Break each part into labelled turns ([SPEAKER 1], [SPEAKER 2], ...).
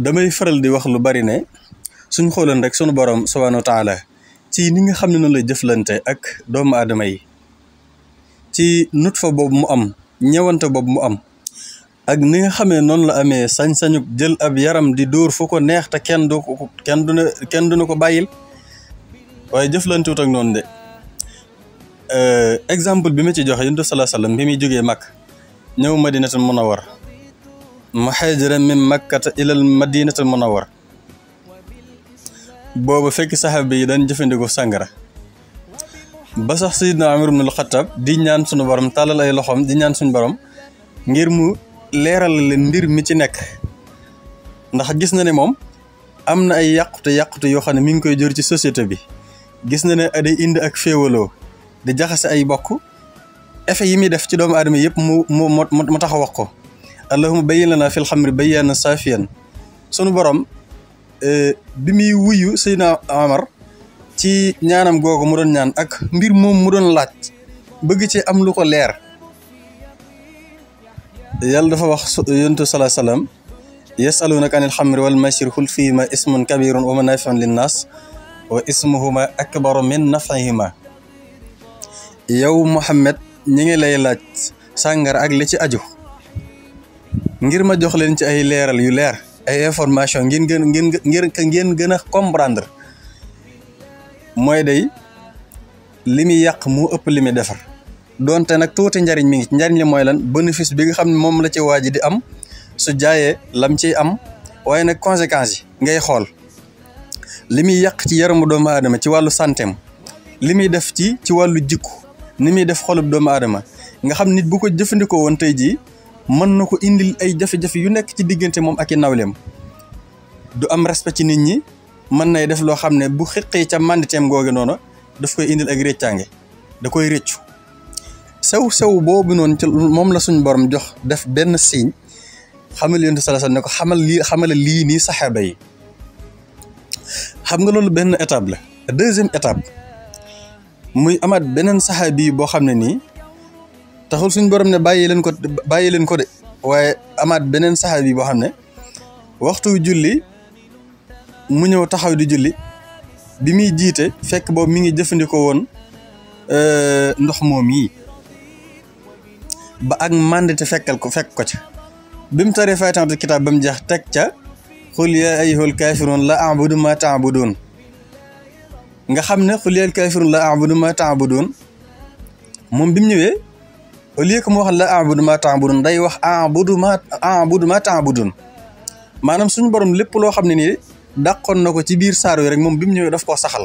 [SPEAKER 1] damay faral di wax lu bari ne suñ xooloon rek sunu borom subhaanahu wa ci ni nga xam ne noonu la jëflante ak doomu aadama yi ci nut fa boobu mu am ñëwante boobu mu am ak ni nga xamee noonu la amee sañ-sañu jël ab yaram di dóor foo ko neex te kenn du ko kenn du na kenn du ko bàyyil waaye jëflantewut ak noonu de euh, exemple bi ma ci joxe yonent bi sallallahu alayhi wasallam bi muy jógee mag ñëw a war muhaajiran min makkata ilal a war booba fekk saxaaba yi dañ jëfandikoo sàngara ba sax sayidna amir ibnul xattaab di ñaan suñu borom tàllal ay loxoom di ñaan suñu borom ngir mu leeral leen mbir mi ci nekk ndax gis na ne moom am na ay yàqute yàqute yoo xam ne mi ngi koy jur ci société bi gis na ne day indi ak féewaloo di jaxase ay bokk effet yi muy def ci doomu aadama yëpp mu mu mu tax a wax ko allahuma bayyin lana fil xamri bayyaanan saafiyan sunu borom eh, bi muy wuyu Seydina Amar ci ñaanam googu mu doon ñaan ak mbir moom mu doon laaj bëgg ci am lu ko leer yàlla dafa wax yontu salaa salaam yasalunaka anil xamri wal masir xul fiihima ismun kabirun wa manafiun linnaas wa ismuhuma akbaru min nafihima yow Muhammad ñi ngi lay laaj sàngara ak li ci aju ngir ma jox leen ci ay leeral yu leer ay information ngeen gën ngeen ngir ngeen gën a comprendre mooy day li muy yàq mu ëpp li muy defar donte nag tuuti njariñ mi ngi ci njariñ li mooy lan bénéfice bi nga xam ne moom la ci waa ji di am su jaayee lam ciy am waaye nag conséquences yi ngay xool li muy yàq ci yaramu doomu aadama ci wàllu santeem li muy def ci ci wàllu jikku ni muy def xolub doomu aadama nga xam nit bu ko jëfandikoo woon tey jii mën na ko indil ay jafe-jafe yu nekk ci diggante moom ak i nawleem du am respect nit ñi mën nay def loo xam ne bu xeqee ca manditeem googu noonu daf koy indil ak réccaange da koy réccu sew sew boobu noonu ci moom la suñ borom jox def benn signe xamal yonent sallallahu alayhi wasallam ne ko xamal lii xamala lii nii saxaaba yi xam nga loolu benn étape la deuxième étape muy amaat beneen saxaabi yi boo xam ne nii taxul suñ borom ne bàyyi leen ko bàyyi leen ko de waaye amaat beneen saxaabi boo xam ne waxtu julli mu ñëw taxaw di julli bi muy jiite fekk boobu mi ngi jëfandikoo woon euh, ndox moom yi ba ak mandate fekkal ko fekk ko ca bi mu taree faytantul kitaab ba mu jeex teg ca xul yaa ayyuhal kaafiruun la abudu ma taabuduun nga xam ne xul yaa ayyuhal la abudu ma taabuduun moom bi mu ñëwee au lieu que mu wax la abudu ma taabudun day wax abudu ma abudu ma taabudun maanaam suñu borom lépp loo xam ne nii dàqoon na ko ci biir saar yi rek moom bi mu ñëwee daf koo saxal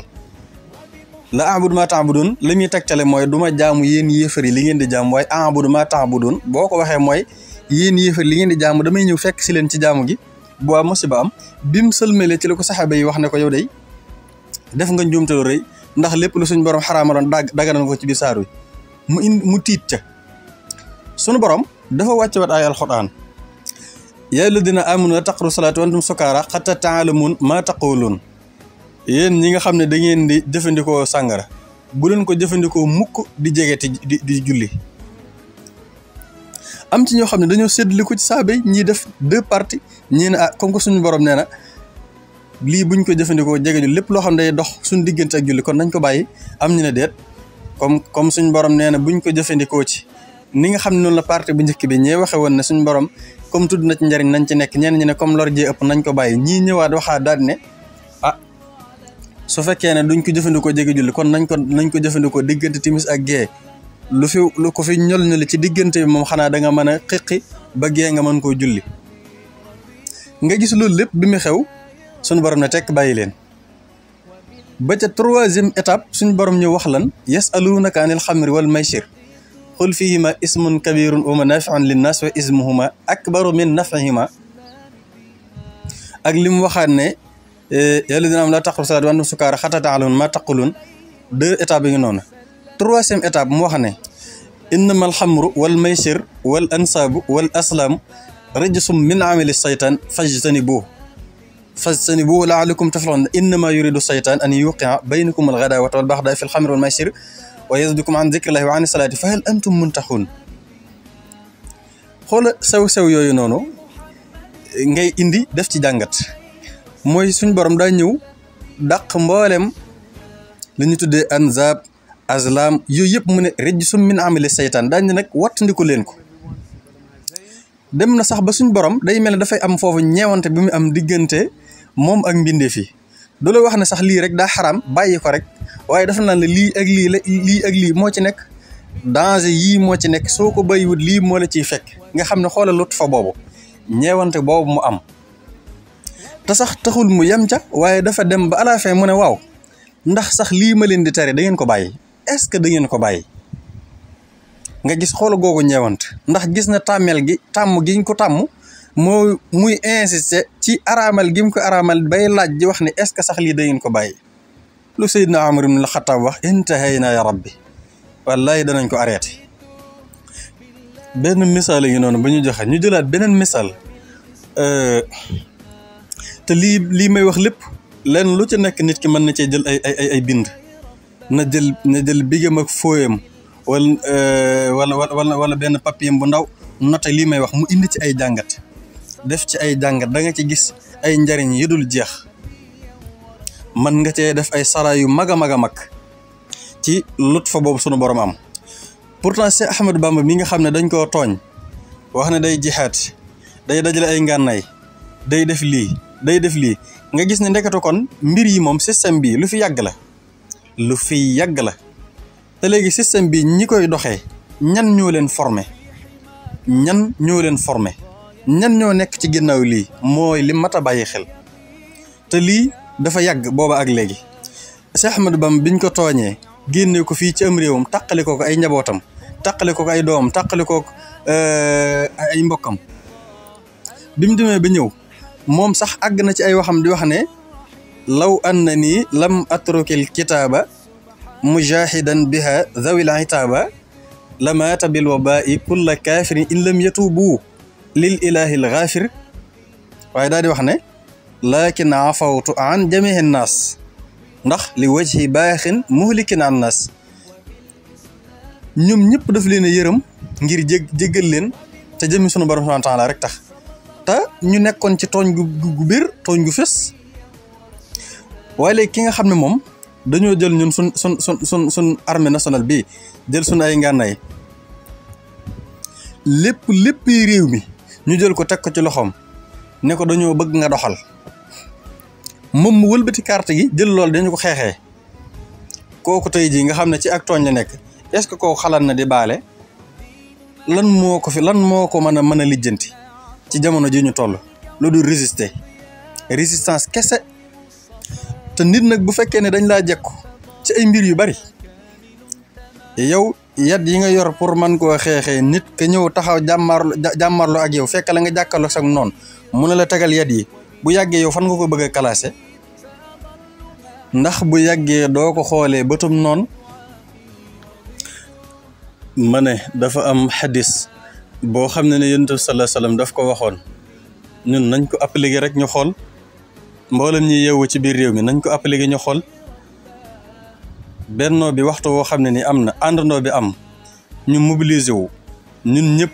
[SPEAKER 1] la abudu ma taabudun li muy tegtale mooy du ma jaamu yéen yéefar yi li ngeen di jaamu waaye abudu ma taabudun boo ko waxee mooy yéen yéefar li ngeen di jaamu damay ñëw fekk si leen ci jaamu gi bu musiba am bim sëlmale ci la ko saxaaba yi wax ne ko yow day def nga njuumte lu rëy ndax lépp lu suñ borom xaraamaloon dagg dagganoon ko ci biir saar wi mu mu tiit ca. sunu borom dafa wàcce wat ay alxuraan yaa alladina amanu la taqru salaat wa antum sukaara xatta taalamun maa taquluun yéen ñi nga xam ne da ngeen di jëfandikoo sàngara bu leen ko jëfandikoo mukk di jegeti di di julli am ci ñoo xam ne dañoo séddaliku ci saabe ñii def deux parties ñii ne ah comme que suñu borom nee na lii buñ ko jëfandikoo jege ju lépp loo xam ne day dox suñu diggante ak nañ ko bàyyi am ñu ne deet comme comme suñu borom nee na buñ ko jëfandikoo ci ni nga xamni non la parti bu njëkk bi ñe waxe won na suñu borom comme na ci ndariñ nañ ci nekk ñenn ñi ne comme lor je ëpp nañ ko bayyi ñi ñëwaat waxa daal ne ah su fekkee ne duñ ko jëfandikoo jege julli kon nañ ko nañ ko jëfandikoo diggante timis ak gee lu fi lu ko fi ñol ñol ci diggante bi moom xanaa da nga mën a xiqi ba gee nga mën koo julli nga gis loolu lépp bi mu xew suñu borom ne tekk bàyyi leen ba ca troisième étape suñu borom ñu wax lan yasalunaka anil xamri wal maysir قل فيهما اسم كبير ومنافع للناس واسمهما اكبر من نفعهما اك لم وخاني يالا دينام لا تخلو صلاه وان سكار خطا تعلم ما تقولون دو ايتاب بي نون ترويسيم ايتاب مو انما الحمر والميسر والانصاب والاسلام رجس من عمل الشيطان فاجتنبوه فاجتنبوه لعلكم تفلحون انما يريد الشيطان ان يوقع بينكم الغداوه والبغضاء في الخمر والميسر wa yasdukum an zikrillahi wa an salaati fa hal antum muntaxun xoola sew-sew yooyu noonu ngay indi def ci jàngat mooy suñ borom daa ñëw dàq mboolem li ñu tuddee anzab azlam yooyu yëpp mu ne rejjisum min amali seytaan daañu nag wattandiku leen ko dem na sax ba suñ borom day mel ne dafay am foofu ñeewante bi mu am diggante moom ak mbindeef yi du wax ne sax lii rek daa xaraam bàyyi ko rek waaye dafa naan la lii ak lii la lii ak lii moo ci nekk danger yii moo ci nekk soo ko bàyyiwut lii moo la ciy fekk nga xam ne xoolal lut fa boobu ñeewante boobu mu am te sax taxul mu yem ca waaye dafa dem ba à la mu ne waaw ndax sax lii ma leen di tere da ngeen ko bàyyi est-ce que da ngeen ko bàyyi nga gis xoolu googu ñeewante ndax gis na tàmmeel gi tàmm giñ ko tàmm موي موي انسيستي تي ارامل جيمكو ارامل باي لاج دي واخني اسكو صاح لي داين كو باي لو سيدنا عمر بن الخطاب واخ انتهينا يا ربي والله دا نانكو اريتي بن مثال يي نونو بنيو جوخا ني جولات بنن مثال ا تي لي لي ماي واخ ليب لن لو تي نيك نيت كي من نتي جيل اي اي اي, اي بيند na jël na jël bigam ak foyam euh, wala wala wala wala benn papiyam bu ndaw note lii may wax mu indi ci ay jàngat def ci ay jàngat danga ci gis ay njariñ yu dul jeex mën nga cee def ay sara yu mag a mag a mag ci lut fa boobu sunu borom am pourtant Seex Ahmadu Bamba mi nga xam ne dañ koo tooñ wax ne day jeexaat day dajale ay ngànnaay day def lii day def lii nga gis ne ndekete kon mbir yi moom système bi lu fi yàgg la lu fi yàgg la te léegi système bi ñi koy doxee ñan ñoo leen formé ñan ñoo leen formé ñan ñoo nekk ci ginnaw lii mooy li mata a bàyyi xel te lii dafa yàgg booba ak léegi Cheikh Ahmadou Bam biñ ko tooñee génne ko fii ci am réewam taqali ko ay njabootam taqali ko ay doomam taqali ko ko ay mbokkam bi mu demee ba ñëw moom sax àgg na ci ay waxam di wax ne law anna nii lam atrukil kitaaba mujahidan biha zawil itaaba lamata bil wabai kulla kafirin in lam yatubu lil ilahi l gaafir waaye daal di wax ne laakin afawtu an jamihi naas ndax li wajhi baaxin muhlikin an naas ñoom ñëpp daf leen a yërëm ngir jég jéggal leen te jëmi sunu borom subhaana taala rek tax ta ñu nekkoon ci tooñ gu gu biir tooñ gu fés waaye léegi ki nga xam ne moom dañoo jël ñun sun sun sun sun sun bi jël sun ay ngànnaay lépp lépp réew mi ñu jël ko teg ko ci loxoom ne ko dañoo bëgg nga doxal moom mu wëlbati carte gi jël loolu dañu ko xeexee kooku tey jii nga xam ne ci ak tooñ la nekk est-ce que kooku xalaat na di baale lan moo ko fi lan moo ko mën a mën a lijjanti ci jamono ji ñu toll lu dul résister résistance kese te nit nag bu fekkee ne dañ laa jekku ci ay mbir yu bari yow yat yi nga yor pour man ko xexé nit ke ñew taxaw jamar jàmmarlu ak yow fekk la nga jàkkaarloo sag non mu ne la tagal yat yi bu yagge yow fan nga ko bëgg classé ndax bu yagge do ko xolé bëtum non mané dafa am hadis bo xamné ne yunus sallallahu alayhi wasallam daf ko waxon ñun nañ ko appliqué rek ñu xol mbolam ñi yewu ci bir réew mi nañ ko ñu xol benno bi waxtu woo xamne ni am andno bi am ñu mobiliser wu ñun ñep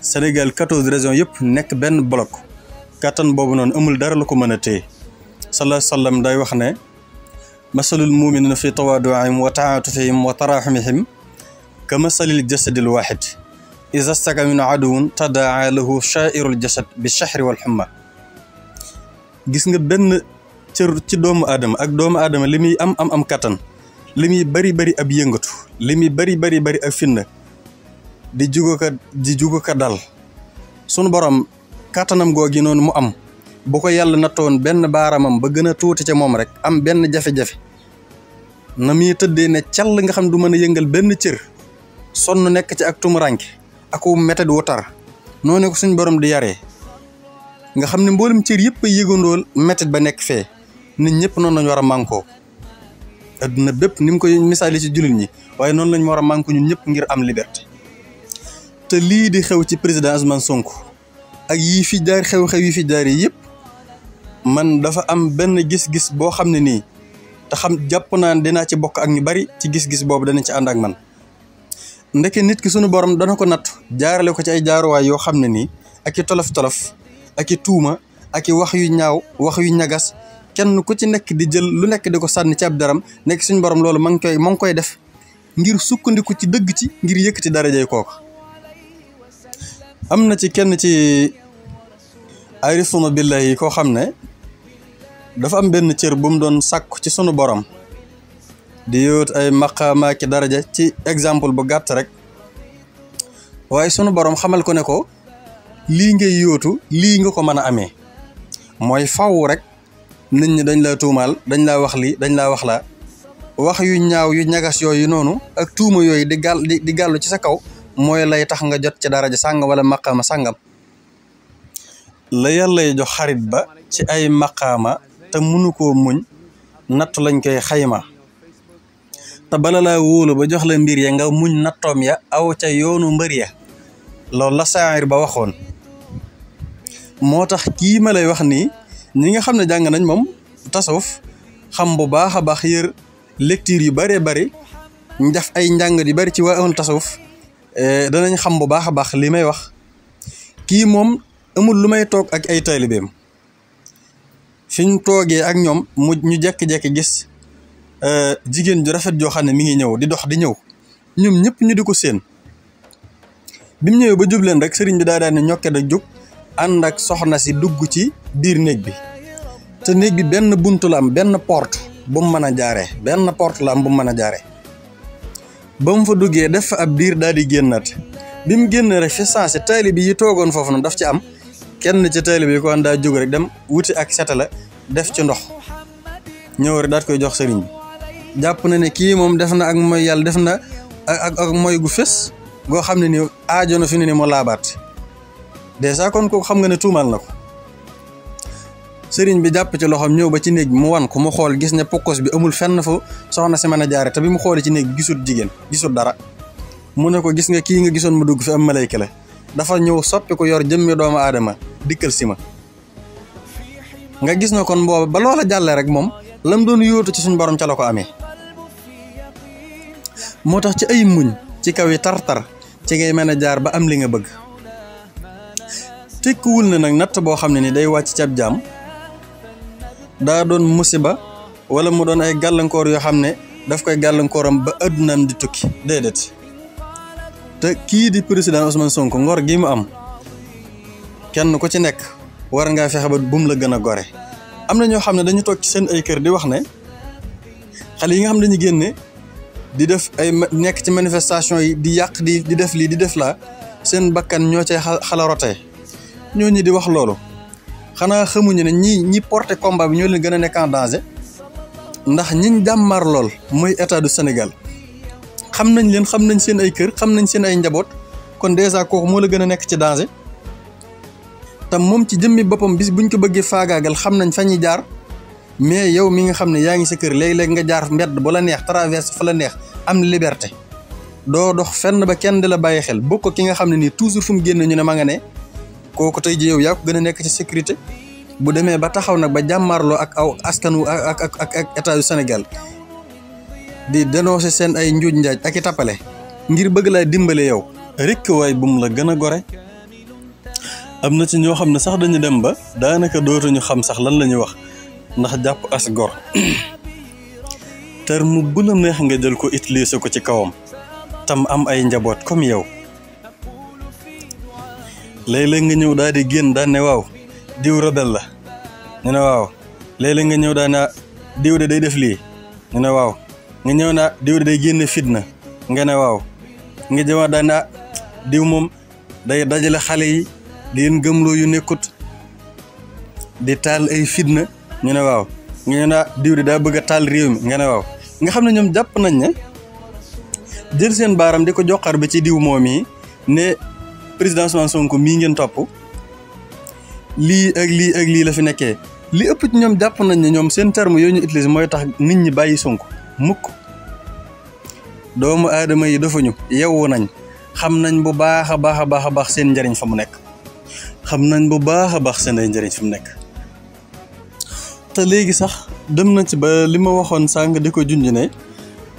[SPEAKER 1] Sénégal 14 region yep nek ben bloc katan bobu non amul dara lu ko meuna te sallallahu salaa sallam day wax ne masalul muminina fi tawadu'ihim wa taatufihim wa tarahumihim kama salil jasadil wahid isa staka min adun tadaa lahu sha'irul jasad bi chahri wal humma gis nga ben ci doomu adam ak doomu adam limi am am am katan li muy bari bari ab yëngatu li muy bari bari bari ab fitna di jugu di jugu ka dal sunu borom kàttanam googi noonu mu am bu ko yàlla nattoon benn baaramam ba gën a tuuti ca moom rek am benn jafe-jafe na muy tëddee ne call nga xam du mën a yëngal benn cër sonn nekk ci ak tumuranke aku méthode wu tar noonu ko suñ borom di yaree nga xam ne mboolum cër yëpp a yëgandool méthode ba nekk fee nit ñëpp noonu lañ war a mànkoo aduna bépp nim ko misali ci julit ñi waaye noonu lañ war manku ñun ñëpp ngir am liberté te lii di xew ci président Ousmane Sonko ak yi fi jaar xew xew yi fi jaar yëpp man dafa am benn gis-gis boo xam ne nii te xam jàpp naan dinaa ci bokk ak ñu bari ci gis-gis boobu dana ci ànd ak man ndeke nit ki sunu borom dana ko natt jaarale ko ci ay jaaruwaay yoo xam ne nii ak i tolof tolof ak i tuuma ak i wax yu ñaaw wax yu ñagas kenn ku ci nekk di jël lu nekk di ko sànni ci ab daram nekk suñu borom loolu ma ngi koy ma ngi koy def ngir sukkandiku ci dëgg ci ngir yëkk yëkkati darajey kook am na ci kenn ci ay risuma billahi yi koo xam ne dafa am benn cër bu mu doon sàkku ci sunu borom di yóot ay maqaama ki daraja ci exemple bu gàtt rek waaye sunu borom xamal ko ne ko lii ngay yootu lii nga ko mën a amee mooy faw rek nit ñi dañ la tuumaal dañ laa wax lii dañ laa wax laa wax yu ñaaw yu ñagas yooyu noonu ak tuuma yooyu di gàll di gàllu ci sa kaw mooy lay tax nga jot ci daraja sàngam wala maqaama sàngam la lay jox xarit ba ci ay maqaama te munu koo muñ natt lañ koy xayma te bala laa wóolu ba jox la mbir ya nga muñ nattoom ya aw ca yoonu mbër ya loolu la saayir ba waxoon moo tax kii lay wax nii ñi nga xam ne jàng nañ moom tasawuf xam bu baax a baax yër lecture yu bëree bëri ñu ay njàng di bëri ci waa awoon tasawuf eh, danañ xam bu baax a baax li may wax kii moom amul lu may toog ak ay taalibeem fi toogee ak ñoom mu ñu jékki gis eh, jigéen ju rafet joo xam ne mi ngi ñëw di dox di ñëw ñoom ñëpp ñu di ko séen bi mu ñëwee ba jub leen rek sëriñ bi daa daal ne da jóg ànd ak soxna si dugg ci biir néeg bi te néeg bi benn buntu la am benn port bu mu mën a jaaree benn port la am bu mën a jaare ba mu fa duggee def fa ab biir daal di génnaat bi mu génn rek fi sensé taalibe yi toogoon foofu noonu daf ci am kenn ci taalibe ko an daa jóg rek dem wuti ak setala def ci ndox ñëw rek daat koy jox sëriñ bi jàpp na ne kii moom def na ak mooy yàlla def na ak ak gu fés goo xam ne ni aajo na fi ne ni mu laabaat dèjà kon kooku xam nga ne tuumaal na ko sëriñ bi jàpp ci loxoom ñëw ba ci néeg mu wan ko mu xool gis ne pokkos bi amul fenn fu soxna si mën a jaare te bi mu xoolee ci néeg bi gisul jigéen gisul dara mu ne ko gis nga kii nga gisoon mu dugg fi am malayka la dafa ñëw soppi ko yor jëmmi doomu aadama dikkal si ma nga gis na kon booba ba loola jàllee rek moom lam doon yóotu ci suñ borom ca la ko amee moo tax ci ay muñ ci kaw yi tar-tar ci ngay mën a jaar ba am li nga bëgg tekkiwul ne nag natt boo xam ne ni day wàcc cab jaam daa doon musiba wala mu doon ay gàllankoor yoo xam ne daf koy gàllankooram ba àddunaam di tukki déedéet te kii di président Ousmane Sonko ngor gi mu am kenn ku ci nekk war ngaa fexe ba bum la gën a gore am na ñoo xam ne dañu toog ci seen ay kër di wax ne xale yi nga xam ne dañu génne di def ay nekk ci manifestation yi di yàq di di def lii di def laa seen bakkan ñoo cay xala rotee ñooñu di wax loolu xanaa xamuñu ne ñi ñi porté combat bi ñoo leen gën a nekk danger ndax ñiñ jàmmar lool mooy état du Sénégal xam nañ leen xam nañ seen ay kër xam nañ seen ay njaboot kon dèjà kooku moo la gën a nekk ci danger te moom ci jëmmi boppam bis buñ ko bëggee faagaagal xam nañ fa ñuy jaar mais yow mi nga xam ne yaa ngi sa kër léeg-léeg nga jaar mbedd ba la neex traverse fa la neex am liberté doo dox fenn ba kenn di la bàyyi xel bokk ki nga xam ne nii toujours fu mu ñu ne ma nga ne kooku tey ji yow yaa ko gën a nekk ci sécurité bu demee ba taxaw nag ba jàmmarloo ak aw askan wu ak ak ak état yu Sénégal di dénoncer seen ay njuuj njaaj ak i tappale ngir bëgg lay dimbale yow rekk waay bu mu la gën a gore am na ci ñoo xam ne sax dañu dem ba daanaka dootuñu xam sax lan la ñuy wax ndax jàpp as gor terme bu la neex nga jël ko utiliser ko ci kawam tam am ay njaboot comme yow léeg nga ñew daal di génn daal ne waaw diw rebel la ñu ne waaw léeg nga ñew daal ne diw de day def lii ñu ne waaw nga ñëw na diw de day génn fitna nga ne waaw nga jëwaat daal ne diw moom day dajale xale yi di leen gëmloo yu nekkut di taal ay fitna ñu ne waaw nga ñëw na diw de daa bëgg a taal réew mi nga ne waaw nga xam ne ñoom jàpp nañ ne jël seen baaram di ko joxar ba ci diw moom yi ne président Ousmane Sonko mii ngeen topp lii ak lii ak lii la fi nekkee li ëpp ci ñoom jàpp nañ ne ñoom seen terme yooyu ñu mooy tax nit ñi bàyyi Sonko mukk doomu aadama yi defuñu ñu yewwu nañ xam nañ bu baax a baax a baax a baax seen njëriñ fa mu nekk xam nañ bu baax a baax seen ay njëriñ fa mu nekk te léegi sax dem na ci ba li ma waxoon sàng di ko junj ne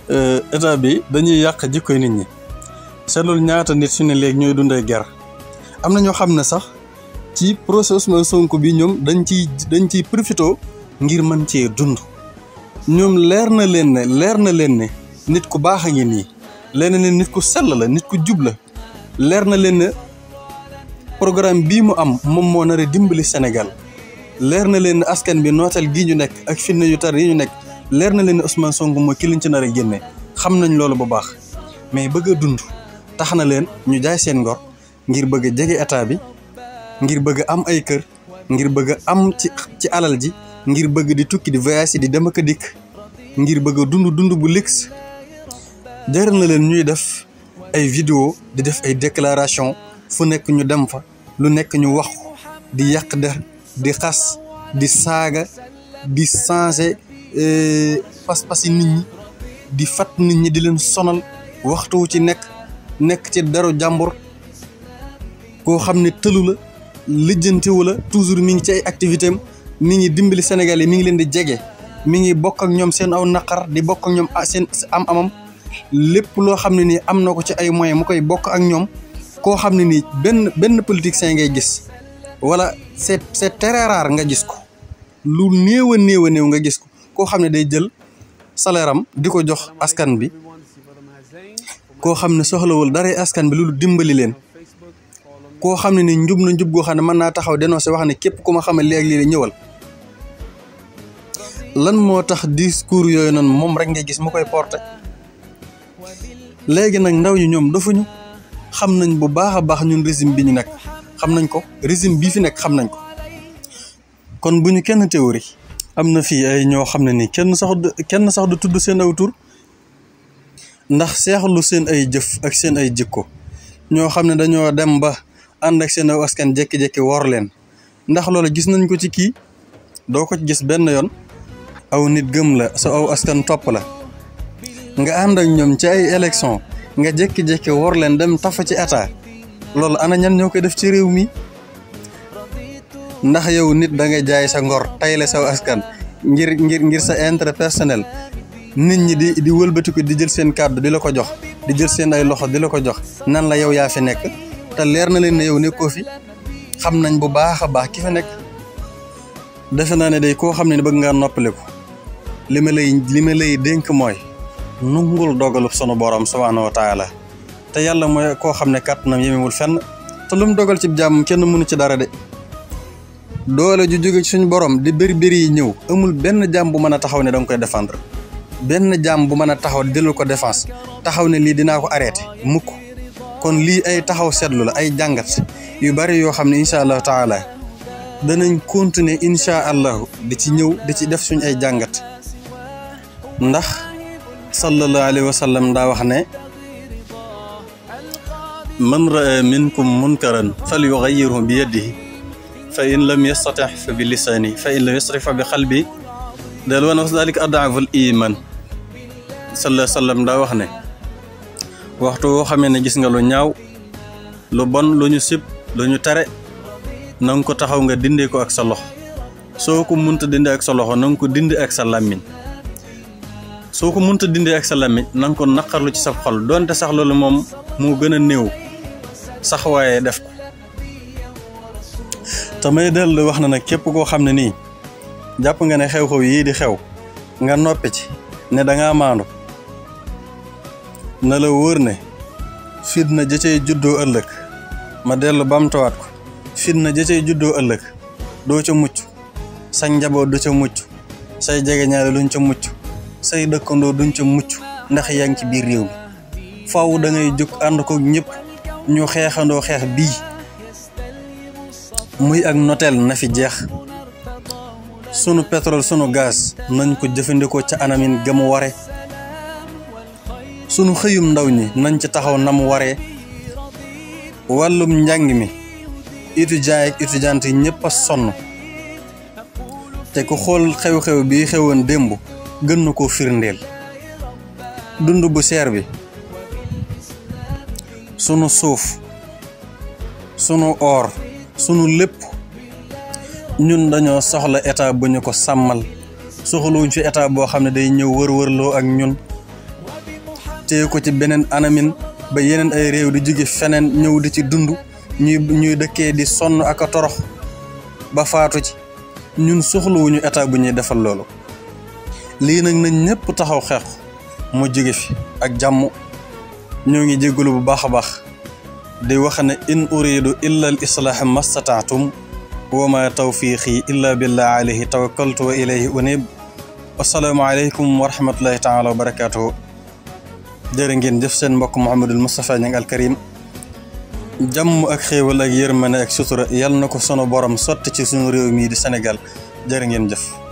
[SPEAKER 1] euh, état bi dañuy yàq jikkoy nit ñi seetlul ñaata nit su ne léegi ñooy dundee ger am na ñoo xam ne sax ci procès Ousmane Sonko bi ñoom dañ ciy dañ ciy profito ngir mën cee dund ñoom leer na leen ne leer na leen ne nit ku baax a ngi nii leer na leen nit ku sell la nit ku jub la leer na leen ne programme bii mu am moom moo nar dimbali senegal leer na leen ne askan bi nootal gii ñu nekk ak fitna yu tar yi ñu nekk leer na leen ne Ousmane Sonko mooy ki ci nar a génne xam nañ loolu bu baax mais bëgg dund tax na leen ñu jaay seen ngor ngir bëgg a jege état bi ngir bëgg am ay kër ngir bëgg am ci ci alal ji ngir bëgg di tukki di voyage di dem ak dikk ngir bëgg dund dund bu luxe jaral na leen ñuy def ay vidéo di def ay déclaration fu nekk ñu dem fa lu nekk ñu wax di yàq der di xas di saaga di changer euh, pas-pasi nit ñi di fat nit ñi di leen sonal waxtu wu ci nekk nekk ci deru jàmbur koo xam ne tëlu la lijjantiwu la toujours mi ngi ci ay activité am mi ngi dimbali Sénégal yi mi ngi leen di jege mi ngi bokk ak ñoom seen aw naqar di bokk ak ñoom seen am amam lépp loo xam ne nii am na ko ci ay moyen mu koy bokk ak ñoom koo xam ne nii benn benn politicien ngay gis wala c'est c'est très nga gis ko lu néew a néew nga gis ko koo xam ne day jël salaire am di ko jox askan bi koo xam ne soxlawul dara askan bi lu dimbali leen koo xam ne ni njub na njub goo xam ne mën naa taxaw dénoncé wax ne képp ku ma xamal léeg-léeg ñëwal lan moo tax discours yooyu noonu moom rek ngay gis mu koy porté léegi nag ndaw ñi ñoom dafuñu xam nañ bu baax a baax ñun régime bi ñu nekk xam nañ ko régime bi fi nekk xam nañ ko kon bu ñu kenn théorie am na fii ay ñoo xam ne nii kenn sax du tudd seen aw ndax seexlu seen ay jëf ak seen ay jikko ñoo xam ne dañoo dem ba ànd ak seen askan jekki-jekki wor leen ndax loolu gis nañ ko ci kii doo ko gis benn yoon aw nit gëm la sa aw askan topp la nga ànd ak ñoom ci ay élection nga jekki-jekki wor leen dem tafa ci état loolu ana ñan ñoo koy def ci réew mi ndax yow nit da nga jaay sa ngor tayle sa askan ngir ngir ngir sa intérêt personnel nit ñi di di wëlbatiku di jël seen cadeau di la ko jox di jël seen ay loxo di la ko jox nan la yow ya fi nek ta leer na leen ne yow nekkoo fi xam nañ bu baaxa baax ki fa nek defe na ne day ko xam ne bëgg nga noppaliku lay lima lay nungul dogalu sunu borom subhanahu wa taala te yalla moy ko xamne kat nam yemewul fenn te lum mu dogal ci jamm kenn mënu ci dara de doole ju joge ci suñu borom di beri beri yi ñëw amul benn jamm bu mën taxaw ne dang koy défendre ben jam bu meuna taxaw delu ko défense taxaw ne li dina ko arrêté mukk kon li ay taxaw setlu la ay jàngat yu bari yo xamni ne incha taala danañ continuer incha allahu di ci ñëw di ci def suñ ay jàngat ndax sallallahu alayhi wasallam da wax ne man raa minkum munkaran falyughayyirhu bi yadihi fa in lam yastatix fa bi lisaani fa in lam yastatix fa bi xalbi del wana was dalika adaaful iman sallallahu alaihi wasallam da wax ne waxtu wo xamene gis nga lu ñaaw lu bon lu ñu sip lu ñu tare nang ko taxaw nga dinde ko ak sa lox soko ko munta ak sa lox nang ko dinde ak sa lamin soko ko munta ak sa lamin nang ko naqarlu ci sa xol donte sax lolu mom mo gëna neew sax waye def ko tamay lu wax na nak kep ko xamne ni japp nga ne xew-xew yi di xew nga noppi ci ne da nga na la wóor ne fitna ja cay juddoo ëllëg ma dellu bamtuwaat ko fitna ja cay juddoo ëllëg doo ca mucc sa njaboo du ca mucc say jegeñaale duñ ca mucc say dëkkandoo duñ ca mucc ndax yaa ngi ci biir réew mi faaw da ngay jóg ànd ko ñëpp ñu xeexandoo xeex bii muy ak noteel na fi jeex sunu pétrole sunu gaz nañ ko jëfandikoo ca anamin gamu ware sunu xëyum ndaw ñi nañ ci taxaw na ware wàllum njàng mi étudiants ak étudiantes yi ñëpp a sonn te ku xool xew-xew bi xewoon démb gën na koo firndeel dund bu seer bi sunu suuf sunu or sunu lépp ñun dañoo soxla état bu ko sàmmal soxlawuñ fi état boo xam ne day ñëw wër-wërloo ak ñun téye ko ci beneen anamin ba yeneen ay réew di jóge feneen ñëw di ci dund ñuy ñuy dëkkee di sonn ak a torox ba faatu ci ñun soxlawuñu état bu ñuy defal loolu lii na nañ ñëpp taxaw xeex mu jóge fi ak jàmm ñoo ngi jéggalu bu baax a baax di wax ne in uridu illa al islaaha mastataatum wa ma tawfiqi illa billah alayhi tawakkaltu wa ilayhi unib assalaamu aleykum wa rahmatullahi taala wa barakaatuhu jërë ngeen jëf seen mbokk Mouhamadul Moustapha Niang al Karim jàmm ak xéewal ak yërmande ak sutura yal na ko sunu borom sotti ci sunu réew mii di senegal jërë ngeen jëf.